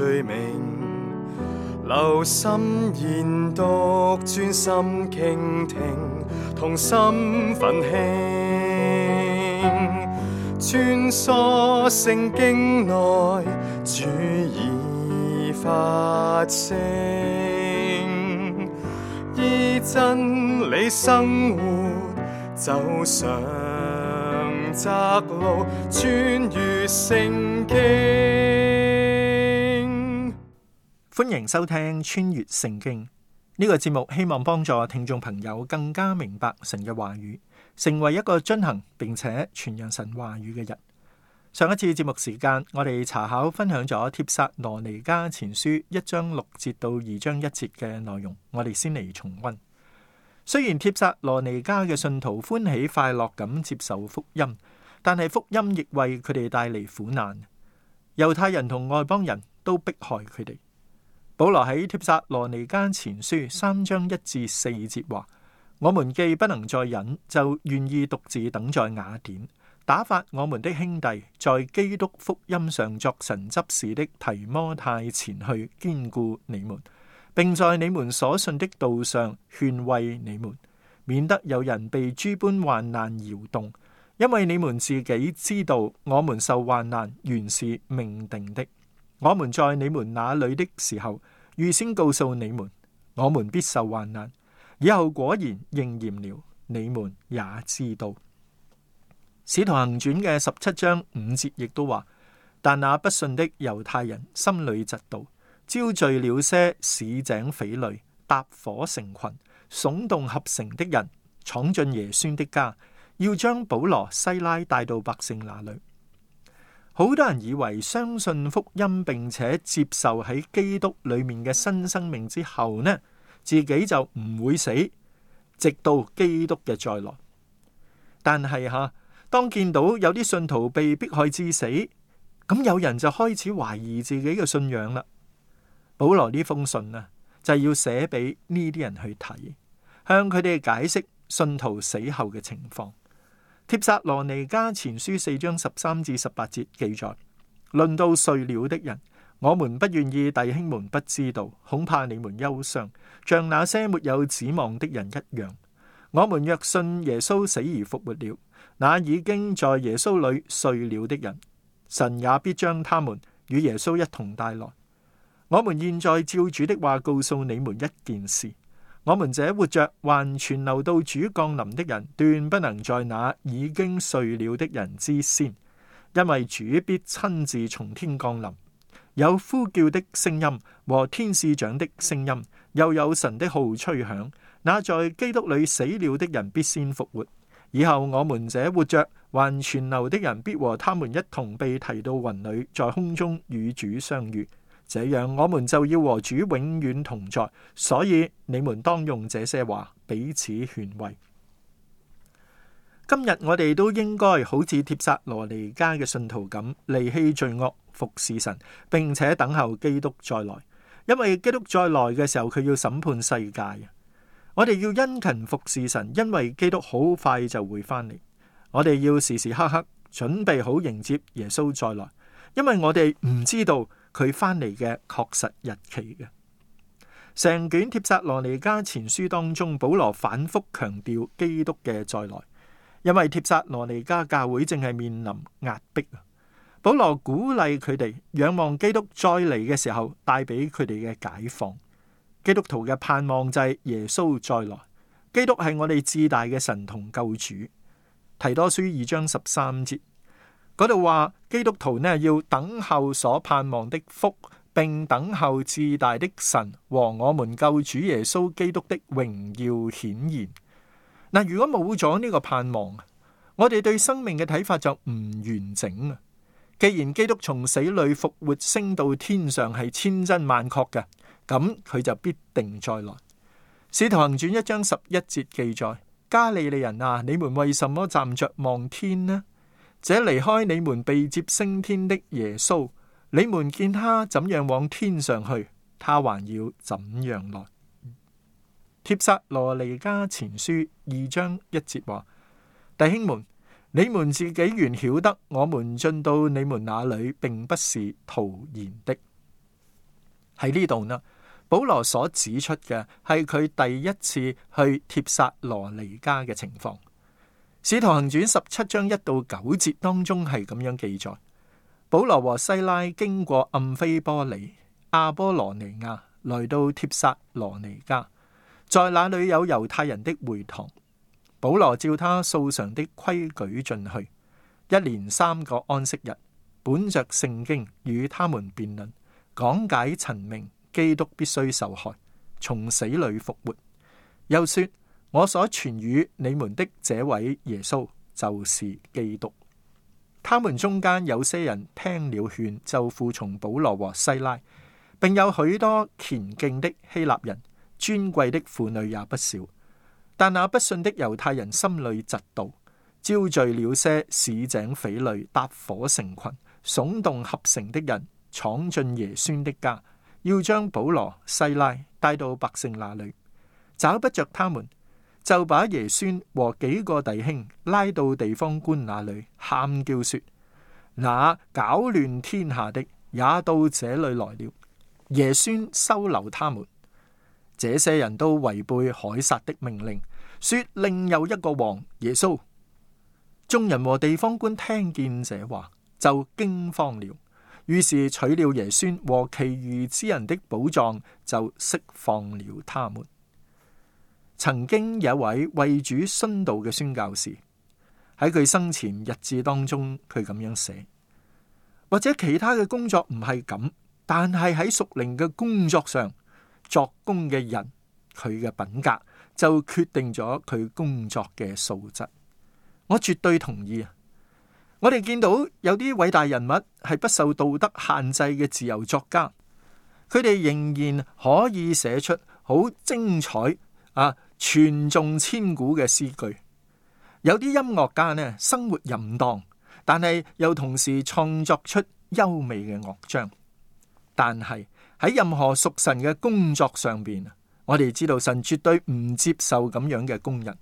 罪名留心研讀，專心傾聽，同心奮興，穿梭聖經內，主已發聲，依真理生活，走上窄路，穿越聖經。歡迎收聽穿越聖經呢個節目，希望幫助聽眾朋友更加明白神嘅話語，成為一個遵行並且傳揚神話語嘅人。上一次節目時間，我哋查考分享咗帖撒羅尼迦前書一章六節到二章一節嘅內容，我哋先嚟重温。雖然帖撒羅尼迦嘅信徒歡喜快樂咁接受福音，但係福音亦為佢哋帶嚟苦難。猶太人同外邦人都迫害佢哋。保羅喺帖撒羅尼迦前書三章一至四節話：我們既不能再忍，就願意獨自等在雅典，打發我們的兄弟在基督福音上作神執事的提摩太前去，堅固你們，並在你們所信的道上勸慰你們，免得有人被諸般患難搖動，因為你們自己知道，我們受患難原是命定的。我們在你們那裏的時候。預先告訴你們，我們必受患難，以後果然應驗了，你們也知道。使徒行傳嘅十七章五節亦都話：但那不信的猶太人心裏嫉妒，招聚了些市井匪類、搭伙成群、聳動合城的人，闖進耶孫的家，要將保羅、西拉帶到百姓那裏。好多人以為相信福音並且接受喺基督裏面嘅新生命之後呢，自己就唔會死，直到基督嘅再來。但係吓，啊，當見到有啲信徒被迫害致死，咁有人就開始懷疑自己嘅信仰啦。保羅呢封信啊，就係要寫俾呢啲人去睇，向佢哋解釋信徒死後嘅情況。帖撒羅尼迦前書四章十三至十八節記載：論到睡了的人，我們不願意弟兄們不知道，恐怕你們憂傷，像那些沒有指望的人一樣。我們若信耶穌死而復活了，那已經在耶穌裏睡了的人，神也必將他們與耶穌一同帶來。我們現在照主的話告訴你們一件事。我們這活着還存留到主降臨的人，斷不能在那已經睡了的人之先，因為主必親自從天降臨，有呼叫的聲音和天使長的聲音，又有神的號吹響。那在基督裏死了的人必先復活。以後我們這活着還存留的人，必和他們一同被提到雲裏，在空中與主相遇。這樣我們就要和主永遠同在，所以你們當用這些話彼此勸慰。今日我哋都應該好似帖撒羅尼迦嘅信徒咁，離棄罪惡，服侍神，並且等候基督再來。因為基督再來嘅時候，佢要審判世界。我哋要殷勤服侍神，因為基督好快就會返嚟。我哋要時時刻刻準備好迎接耶穌再來，因為我哋唔知道。佢翻嚟嘅確實日期嘅，成卷帖撒羅尼加前書當中，保羅反復強調基督嘅再來，因為帖撒羅尼加教會正係面臨壓迫。保羅鼓勵佢哋仰望基督再嚟嘅時候，帶俾佢哋嘅解放。基督徒嘅盼望就係耶穌再來。基督係我哋至大嘅神同救主。提多書二章十三節。嗰度話基督徒呢，要等候所盼望的福，並等候至大的神和我們救主耶穌基督的榮耀顯現。嗱，如果冇咗呢個盼望，我哋對生命嘅睇法就唔完整啊！既然基督從死裏復活升到天上係千真萬確嘅，咁佢就必定再來。使徒行傳一章十一節記載：加利利人啊，你們為什麼站着望天呢？這離開你們被接升天的耶穌，你們見他怎樣往天上去，他還要怎樣來。帖撒羅尼迦前書二章一節話：弟兄們，你們自己原曉得，我們進到你們那裏，並不是徒然的。喺呢度呢，保羅所指出嘅係佢第一次去帖撒羅尼迦嘅情況。使徒行傳十七章一到九節當中係咁樣記載：保羅和西拉經過暗菲波里、亞波羅尼亞，來到帖撒羅尼迦，在那裡有猶太人的會堂。保羅照他素常的規矩進去，一連三個安息日，本着聖經與他們辯論，講解陳明基督必須受害，從死裡復活。又說。我所傳與你們的這位耶穌就是基督。他們中間有些人聽了勸，就附從保羅和西拉，並有許多虔敬的希臘人，尊貴的婦女也不少。但那不信的猶太人心裏嫉妒，招聚了些市井匪類、搭夥成群、聳動合城的人，闖進耶孫的家，要將保羅、西拉帶到百姓那裏，找不着他們。就把耶孫和幾個弟兄拉到地方官那裏，喊叫說：那攪亂天下的也到這裏來了。耶孫收留他們，這些人都違背該撒的命令，說另有一個王耶穌。眾人和地方官聽見這話，就驚慌了，於是取了耶孫和其餘之人的寶藏，就釋放了他們。曾經有一位為主殉道嘅宣教士喺佢生前日誌當中，佢咁樣寫，或者其他嘅工作唔係咁，但係喺屬靈嘅工作上作工嘅人，佢嘅品格就決定咗佢工作嘅素質。我絕對同意。我哋見到有啲偉大人物係不受道德限制嘅自由作家，佢哋仍然可以寫出好精彩啊！傳頌千古嘅詩句，有啲音樂家呢，生活淫蕩，但係又同時創作出優美嘅樂章。但係喺任何屬神嘅工作上邊，我哋知道神絕對唔接受咁樣嘅工人。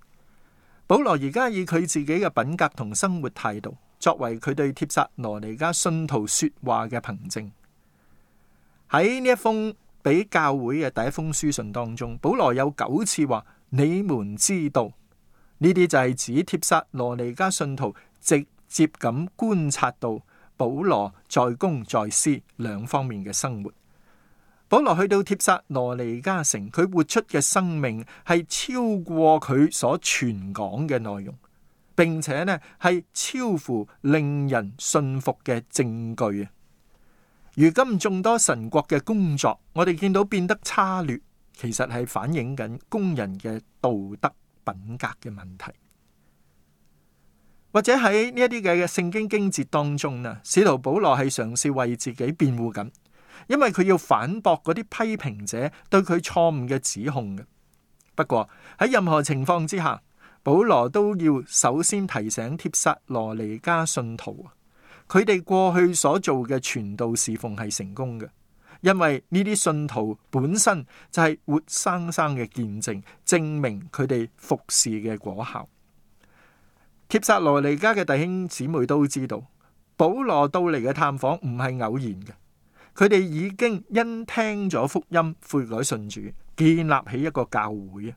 保羅而家以佢自己嘅品格同生活態度作為佢對帖撒羅尼迦信徒說話嘅憑證。喺呢一封俾教會嘅第一封書信當中，保羅有九次話。你們知道呢啲就係指帖撒羅尼加信徒直接咁觀察到保羅在公在私兩方面嘅生活。保羅去到帖撒羅尼加城，佢活出嘅生命係超過佢所傳講嘅內容，並且呢係超乎令人信服嘅證據啊！如今眾多神國嘅工作，我哋見到變得差劣。其實係反映緊工人嘅道德品格嘅問題，或者喺呢一啲嘅嘅聖經經節當中啦，使徒保羅係嘗試為自己辯護緊，因為佢要反駁嗰啲批評者對佢錯誤嘅指控嘅。不過喺任何情況之下，保羅都要首先提醒帖撒羅尼迦信徒啊，佢哋過去所做嘅傳道侍奉係成功嘅。因為呢啲信徒本身就係活生生嘅見證，證明佢哋服侍嘅果效。帖撒羅尼迦嘅弟兄姊妹都知道，保羅到嚟嘅探訪唔係偶然嘅，佢哋已經因聽咗福音悔改信主，建立起一個教會啊。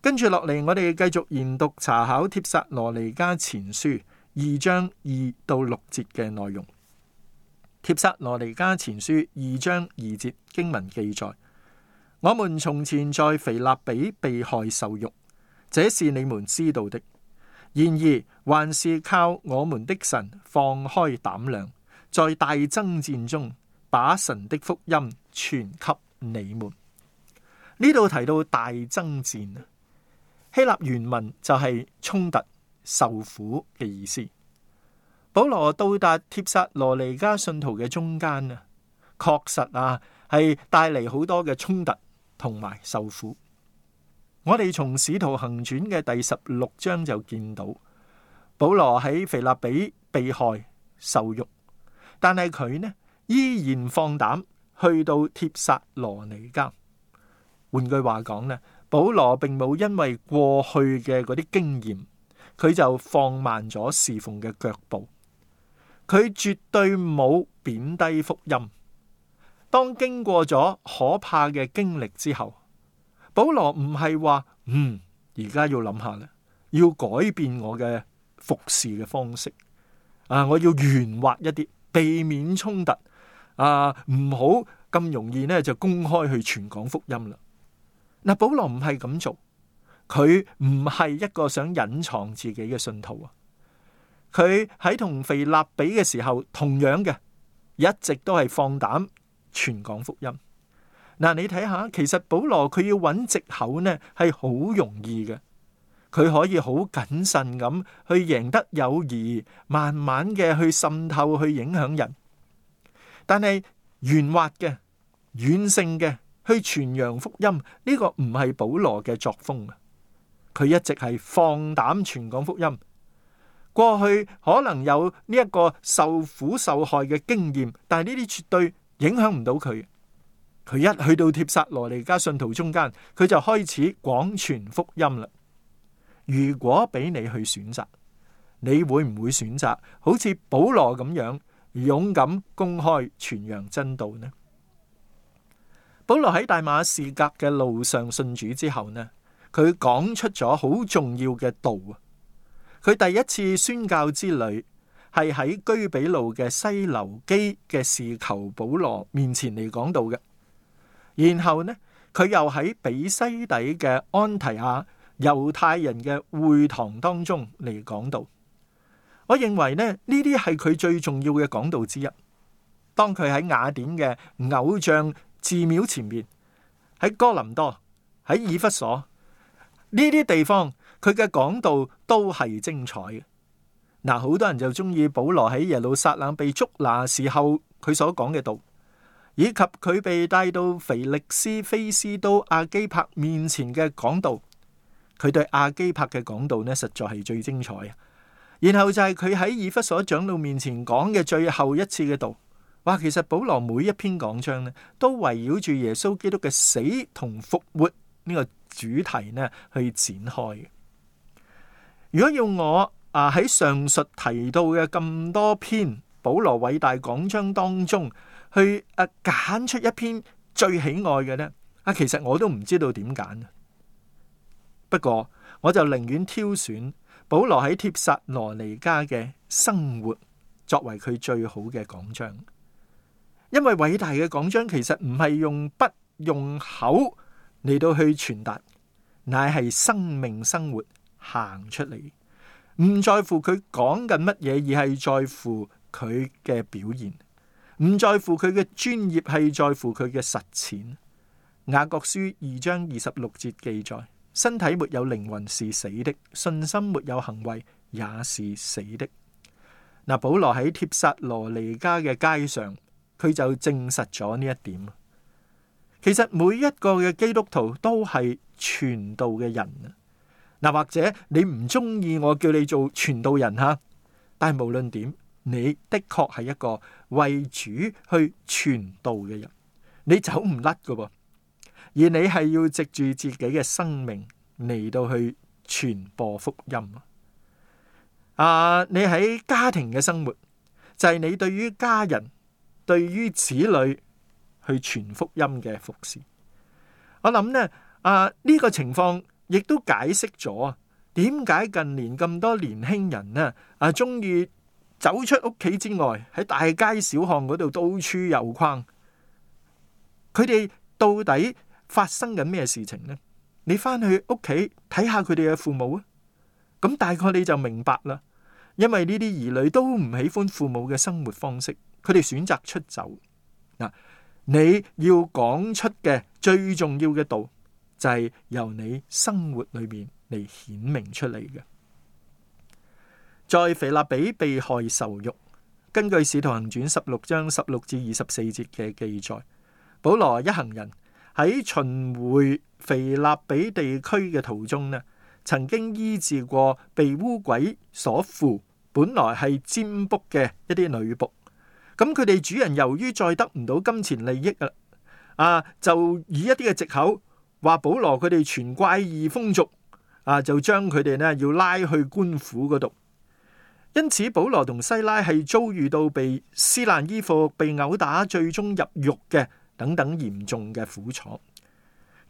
跟住落嚟，我哋繼續研讀查考帖撒羅尼迦前書二章二到六節嘅內容。帖撒羅尼迦前書二章二節經文記載：我們從前在腓立比被害受辱，這是你們知道的。然而，還是靠我們的神放開膽量，在大爭戰中把神的福音傳給你們。呢度提到大爭戰，希臘原文就係衝突、受苦嘅意思。保羅到達帖撒羅尼迦信徒嘅中間啊，確實啊係帶嚟好多嘅衝突同埋受苦。我哋從使徒行傳嘅第十六章就見到保羅喺腓立比被害受辱，但係佢呢依然放膽去到帖撒羅尼迦。換句話講呢，保羅並冇因為過去嘅嗰啲經驗，佢就放慢咗侍奉嘅腳步。佢絕對冇貶低福音。當經過咗可怕嘅經歷之後，保羅唔係話：嗯，而家要諗下咧，要改變我嘅服侍嘅方式啊！我要圓滑一啲，避免衝突啊！唔好咁容易咧就公開去傳講福音啦。嗱，保羅唔係咁做，佢唔係一個想隱藏自己嘅信徒啊。佢喺同腓立比嘅時候同樣嘅，一直都係放膽傳講福音。嗱、啊，你睇下，其實保羅佢要揾藉口呢係好容易嘅。佢可以好謹慎咁去贏得友誼，慢慢嘅去滲透去影響人。但係圓滑嘅、軟性嘅去傳揚福音呢個唔係保羅嘅作風啊！佢一直係放膽傳講福音。這個過去可能有呢一個受苦受害嘅經驗，但係呢啲絕對影響唔到佢。佢一去到帖撒羅尼加信徒中間，佢就開始廣傳福音啦。如果俾你去選擇，你會唔會選擇好似保羅咁樣勇敢公開傳揚真道呢？保羅喺大馬士革嘅路上信主之後呢，佢講出咗好重要嘅道啊！佢第一次宣教之旅係喺居比路嘅西流基嘅士求保羅面前嚟講道嘅，然後呢，佢又喺比西底嘅安提亞猶太人嘅會堂當中嚟講道。我認為呢，呢啲係佢最重要嘅講道之一。當佢喺雅典嘅偶像寺廟前面，喺哥林多，喺以弗所呢啲地方。佢嘅講道都係精彩嘅。嗱，啊，好多人就中意保羅喺耶路撒冷被捉拿時候佢所講嘅道，以及佢被帶到腓力斯菲斯都阿基柏面前嘅講道。佢對阿基柏嘅講道呢，實在係最精彩。然後就係佢喺以弗所長老面前講嘅最後一次嘅道。哇，其實保羅每一篇講章呢，都圍繞住耶穌基督嘅死同復活呢個主題呢去展開。如果要我啊喺上述提到嘅咁多篇保羅偉大講章當中去誒揀出一篇最喜愛嘅呢，啊其實我都唔知道點揀。不過我就寧願挑選保羅喺帖撒羅尼加嘅生活作為佢最好嘅講章，因為偉大嘅講章其實唔係用筆用口嚟到去傳達，乃係生命生活。行出嚟，唔在乎佢講緊乜嘢，而係在乎佢嘅表現；唔在乎佢嘅專業，係在乎佢嘅實踐。雅各書二章二十六節記載：身體沒有靈魂是死的，信心沒有行為也是死的。嗱，保羅喺帖撒羅尼迦嘅街上，佢就證實咗呢一點。其實每一個嘅基督徒都係傳道嘅人。嗱，或者你唔中意我叫你做傳道人吓，但係無論點，你的確係一個為主去傳道嘅人，你走唔甩噶噃，而你係要藉住自己嘅生命嚟到去傳播福音啊！啊，你喺家庭嘅生活就係你對於家人、對於子女去傳福音嘅服事。我諗呢，啊呢個情況。亦都解釋咗啊，點解近年咁多年輕人呢啊鍾意走出屋企之外，喺大街小巷嗰度到處遊逛？佢哋到底發生緊咩事情呢？你返去屋企睇下佢哋嘅父母啊，咁大概你就明白啦。因為呢啲兒女都唔喜歡父母嘅生活方式，佢哋選擇出走。嗱，你要講出嘅最重要嘅道。就係由你生活裏面嚟，顯明出嚟嘅。在腓立比被害受辱，根據《使徒行傳》十六章十六至二十四節嘅記載，保羅一行人喺巡回腓立比地區嘅途中呢，曾經醫治過被巫鬼所附、本來係占卜嘅一啲女僕。咁佢哋主人由於再得唔到金錢利益啦，啊，就以一啲嘅借口。話保羅佢哋全怪異風俗，啊，就將佢哋呢要拉去官府嗰度。因此保羅同西拉係遭遇到被撕爛衣服、被毆打、最終入獄嘅等等嚴重嘅苦楚。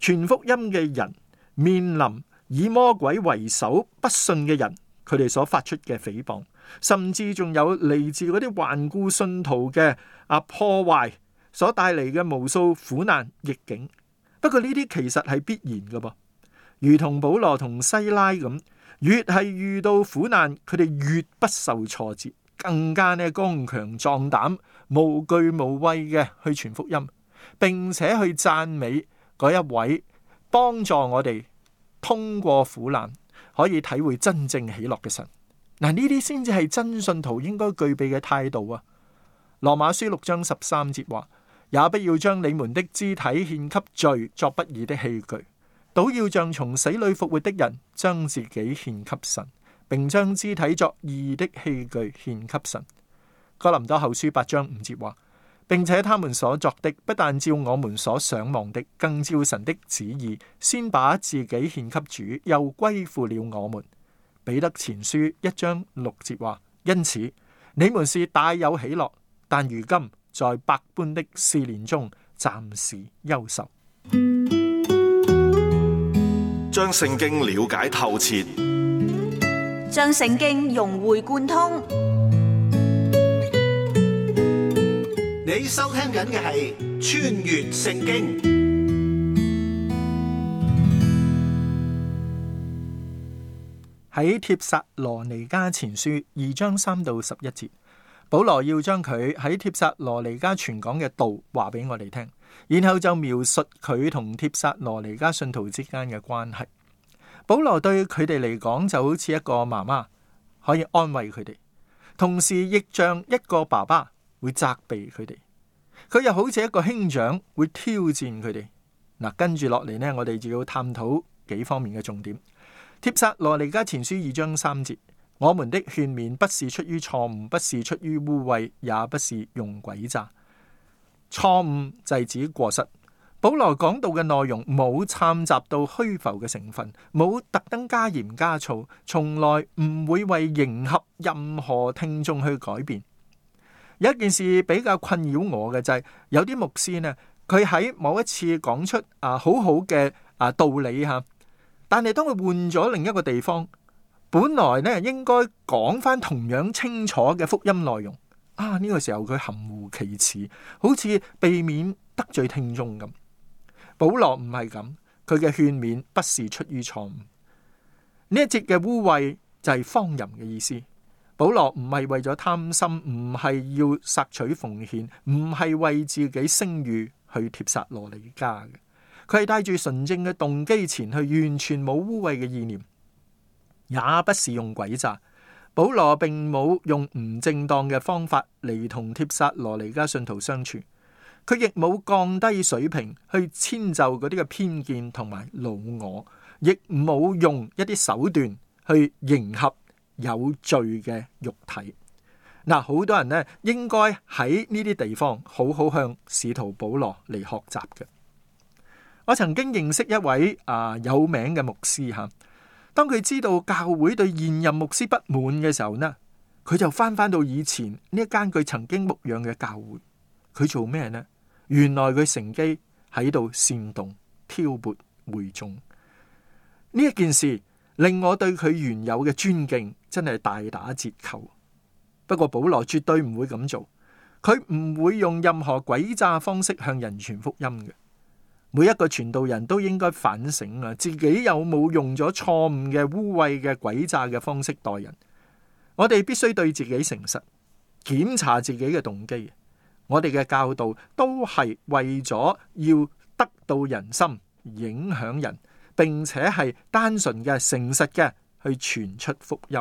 傳福音嘅人面臨以魔鬼為首不信嘅人，佢哋所發出嘅誹謗，甚至仲有嚟自嗰啲頑固信徒嘅啊破壞所帶嚟嘅無數苦難逆境。不過呢啲其實係必然嘅噃，啊，如同保羅同西拉咁，越係遇到苦難，佢哋越不受挫折，更加呢剛強壯膽，無懼無畏嘅去傳福音，並且去讚美嗰一位幫助我哋通過苦難可以體會真正喜樂嘅神。嗱，呢啲先至係真信徒應該具備嘅態度啊！羅馬書六章十三節話。也不要將你們的肢體獻給罪作不義的器具，倒要像從死裏復活的人，將自己獻給神，並將肢體作義的器具獻給神。哥林多後書八章五節話，並且他們所作的不但照我們所想望的，更照神的旨意，先把自己獻給主，又歸附了我們。彼得前書一章六節話，因此你們是大有喜樂，但如今，在百般的思念中，暫時憂愁。將聖經了解透徹，將聖經融會貫通。你收聽緊嘅係《穿越聖經》，喺帖撒羅尼迦前書二章三到十一節。保羅要將佢喺帖撒羅尼加全港嘅道話俾我哋聽，然後就描述佢同帖撒羅尼加信徒之間嘅關係。保羅對佢哋嚟講就好似一個媽媽，可以安慰佢哋，同時亦像一個爸爸會責備佢哋。佢又好似一個兄長會挑戰佢哋。嗱，跟住落嚟呢，我哋就要探討幾方面嘅重點。帖撒羅尼加前書二章三節。我們的勸勉不是出於錯誤，不是出於污穢，也不是用詭詐。錯誤就指過失。保羅講到嘅內容冇摻雜到虛浮嘅成分，冇特登加鹽加醋，從來唔會為迎合任何聽眾去改變。有一件事比較困擾我嘅就係、是，有啲牧師呢，佢喺某一次講出啊好好嘅啊道理吓、啊，但係當佢換咗另一個地方。本來呢應該講返同樣清楚嘅福音內容啊！呢個時候佢含糊其辭，好似避免得罪聽眾咁。保羅唔係咁，佢嘅勸勉不是出於錯誤。呢一節嘅污穢就係荒淫嘅意思。保羅唔係為咗貪心，唔係要索取奉獻，唔係為自己聲譽去帖撒羅尼迦嘅。佢係帶住純正嘅動機前去，完全冇污穢嘅意念。也不是用詭詐，保羅並冇用唔正當嘅方法嚟同帖撒羅尼迦信徒相處，佢亦冇降低水平去遷就嗰啲嘅偏見同埋老我，亦冇用一啲手段去迎合有罪嘅肉體。嗱，好多人咧，應該喺呢啲地方好好向使徒保羅嚟學習嘅。我曾經認識一位啊、呃、有名嘅牧師吓。當佢知道教會對現任牧師不滿嘅時候呢，佢就返返到以前呢一間佢曾經牧養嘅教會，佢做咩呢？原來佢乘機喺度煽動、挑撥會眾。呢一件事令我對佢原有嘅尊敬真係大打折扣。不過保羅絕對唔會咁做，佢唔會用任何詭詐方式向人傳福音嘅。每一個傳道人都應該反省啊，自己有冇用咗錯誤嘅污穢嘅詭詐嘅方式待人？我哋必須對自己誠實，檢查自己嘅動機。我哋嘅教導都係為咗要得到人心，影響人，並且係單純嘅、誠實嘅去傳出福音。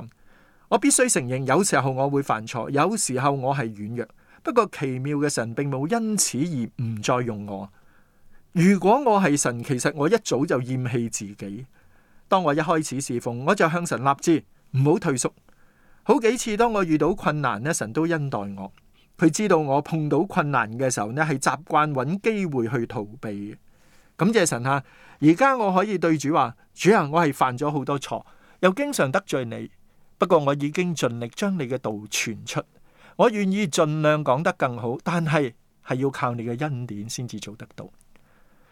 我必須承認，有時候我會犯錯，有時候我係軟弱。不過奇妙嘅神，並冇因此而唔再用我。如果我係神，其實我一早就厭棄自己。當我一開始侍奉，我就向神立志，唔好退縮。好幾次，當我遇到困難咧，神都恩待我。佢知道我碰到困難嘅時候咧，係習慣揾機會去逃避嘅。感謝神啊！而家我可以對主話：主啊，我係犯咗好多錯，又經常得罪你。不過我已經盡力將你嘅道傳出，我願意盡量講得更好。但係係要靠你嘅恩典先至做得到。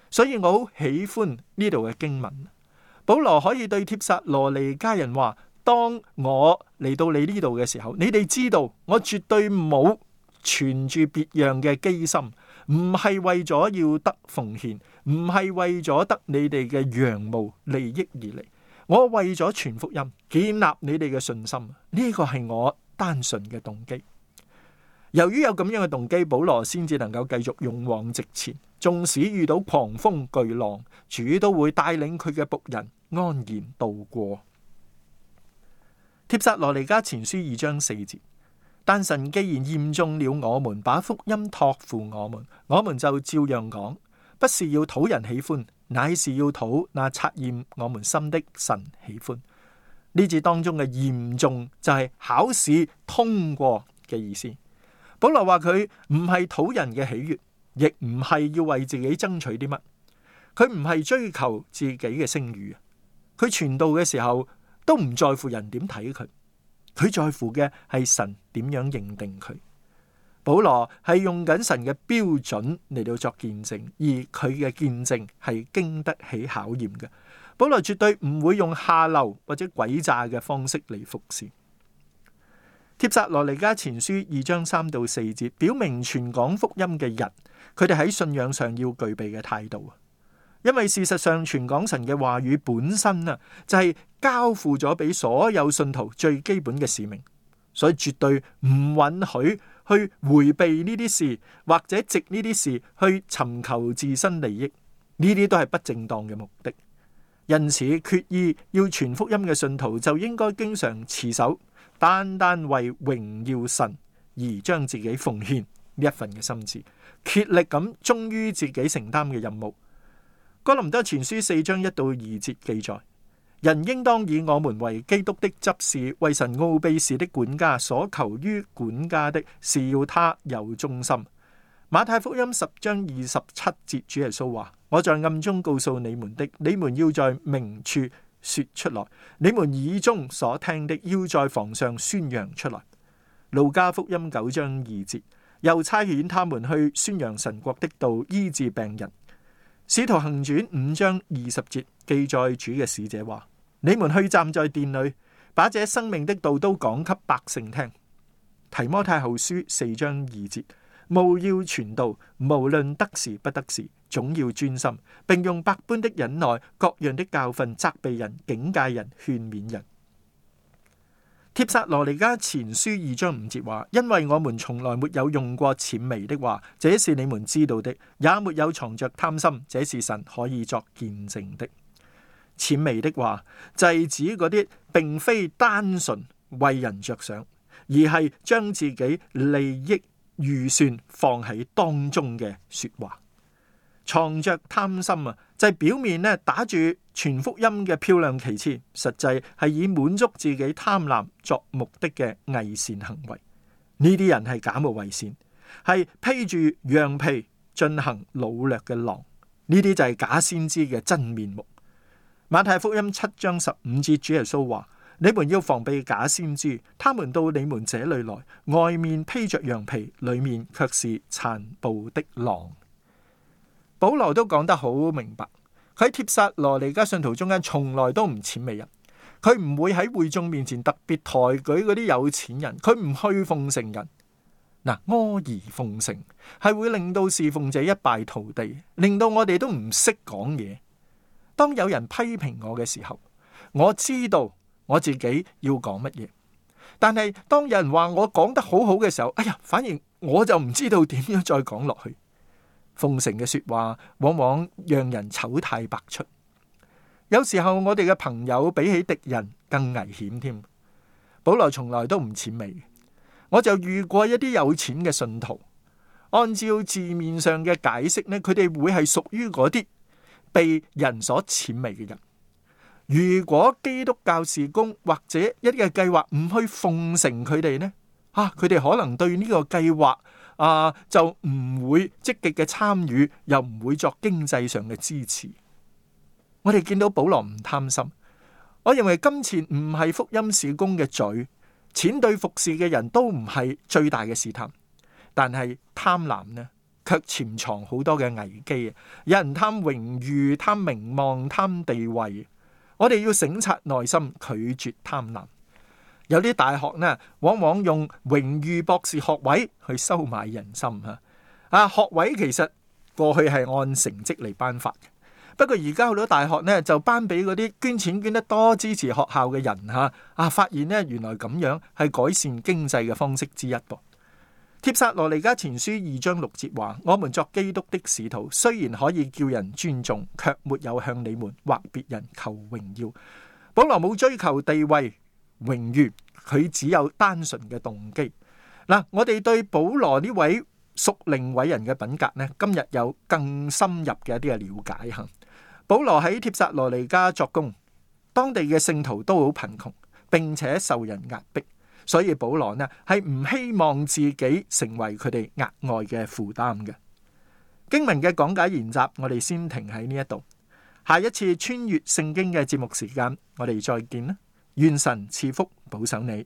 所以我好喜歡呢度嘅經文，保羅可以對帖撒羅尼迦人話：當我嚟到你呢度嘅時候，你哋知道我絕對冇存住別樣嘅機心，唔係為咗要得奉獻，唔係為咗得你哋嘅羊毛利益而嚟，我為咗傳福音，建立你哋嘅信心，呢個係我單純嘅動機。由於有咁樣嘅動機，保羅先至能夠繼續勇往直前。縱使遇到狂風巨浪，主都會帶領佢嘅僕人安然度過。帖撒羅尼迦前書二章四節，但神既然驗中了我們，把福音託付我們，我們就照樣講，不是要討人喜歡，乃是要討那察驗我們心的神喜歡。呢節當中嘅嚴重就係考試通過嘅意思。保羅話佢唔係討人嘅喜悅，亦唔係要為自己爭取啲乜，佢唔係追求自己嘅聲譽，佢傳道嘅時候都唔在乎人點睇佢，佢在乎嘅係神點樣認定佢。保羅係用緊神嘅標準嚟到作見證，而佢嘅見證係經得起考驗嘅。保羅絕對唔會用下流或者詭詐嘅方式嚟服侍。帖撒羅尼迦前書二章三到四節，表明傳講福音嘅人，佢哋喺信仰上要具備嘅態度啊。因為事實上，傳講神嘅話語本身啊，就係交付咗俾所有信徒最基本嘅使命，所以絕對唔允許去迴避呢啲事，或者藉呢啲事去尋求自身利益。呢啲都係不正當嘅目的。因此，決意要傳福音嘅信徒，就應該經常持守。單單為榮耀神而將自己奉獻呢一份嘅心志，竭力咁忠於自己承擔嘅任務。哥林多前書四章一到二節記載：人應當以我們為基督的執事，為神奧祕事的管家。所求於管家的，是要他有忠心。馬太福音十章二十七節主耶穌話：我在暗中告訴你們的，你們要在明處。說出來，你們耳中所聽的，要在房上宣揚出來。路加福音九章二節，又差遣他們去宣揚神國的道，醫治病人。使徒行傳五章二十節記載主嘅使者話：你們去站在殿裏，把這生命的道都講給百姓聽。提摩太後書四章二節。務要傳道，無論得時不得時，總要專心，並用百般的忍耐、各樣的教訓責備人、警戒人、勸勉人。帖撒羅尼迦前書二章五節話：因為我們從來沒有用過諂媚的話，這是你們知道的，也沒有藏着貪心，這是神可以作見證的。諂媚的話，就係指嗰啲並非單純為人着想，而係將自己利益。預算放喺當中嘅說話，藏着貪心啊！就係、是、表面呢打住傳福音嘅漂亮旗幟，實際係以滿足自己貪婪作目的嘅偽善行為。呢啲人係假冒偽善，係披住羊皮進行擄掠嘅狼。呢啲就係假先知嘅真面目。馬太福音七章十五節，主耶穌話。你們要防備假先知，他們到你們這裏來，外面披着羊皮，裏面卻是殘暴的狼。保羅都講得好明白，喺帖撒羅尼迦信徒中間，從來都唔諂媚人，佢唔會喺會眾面前特別抬舉嗰啲有錢人，佢唔去奉承人。嗱，阿諛奉承係會令到侍奉者一敗塗地，令到我哋都唔識講嘢。當有人批評我嘅時候，我知道。我自己要講乜嘢，但係當有人話我講得好好嘅時候，哎呀，反而我就唔知道點樣再講落去。奉承嘅說話往往讓人醜態百出，有時候我哋嘅朋友比起敵人更危險添。保羅從來都唔諂媚，我就遇過一啲有錢嘅信徒，按照字面上嘅解釋呢，佢哋會係屬於嗰啲被人所諂媚嘅人。如果基督教事工或者一啲嘅計劃唔去奉承佢哋呢？啊，佢哋可能對呢個計劃啊就唔會積極嘅參與，又唔會作經濟上嘅支持。我哋見到保羅唔貪心，我認為金錢唔係福音事工嘅嘴，錢對服侍嘅人都唔係最大嘅試探，但係貪婪呢，卻潛藏好多嘅危機啊！有人貪榮譽、貪名望、貪地位。我哋要省察內心，拒絕貪婪。有啲大學呢，往往用榮譽博士學位去收買人心嚇。啊，學位其實過去係按成績嚟頒發嘅，不過而家好多大學呢，就頒俾嗰啲捐錢捐得多、支持學校嘅人嚇。啊，發現呢，原來咁樣係改善經濟嘅方式之一噃。帖撒羅尼迦前書二章六節話：我們作基督的使徒，雖然可以叫人尊重，卻沒有向你們或別人求榮耀。保羅冇追求地位、榮譽，佢只有單純嘅動機。嗱，我哋對保羅呢位屬靈偉人嘅品格呢，今日有更深入嘅一啲嘅了解啊！保羅喺帖撒羅尼迦作工，當地嘅聖徒都好貧窮，並且受人壓迫。所以保羅呢係唔希望自己成為佢哋額外嘅負擔。嘅經文嘅講解研習，我哋先停喺呢一度。下一次穿越聖經嘅節目時間，我哋再見啦！願神賜福保守你。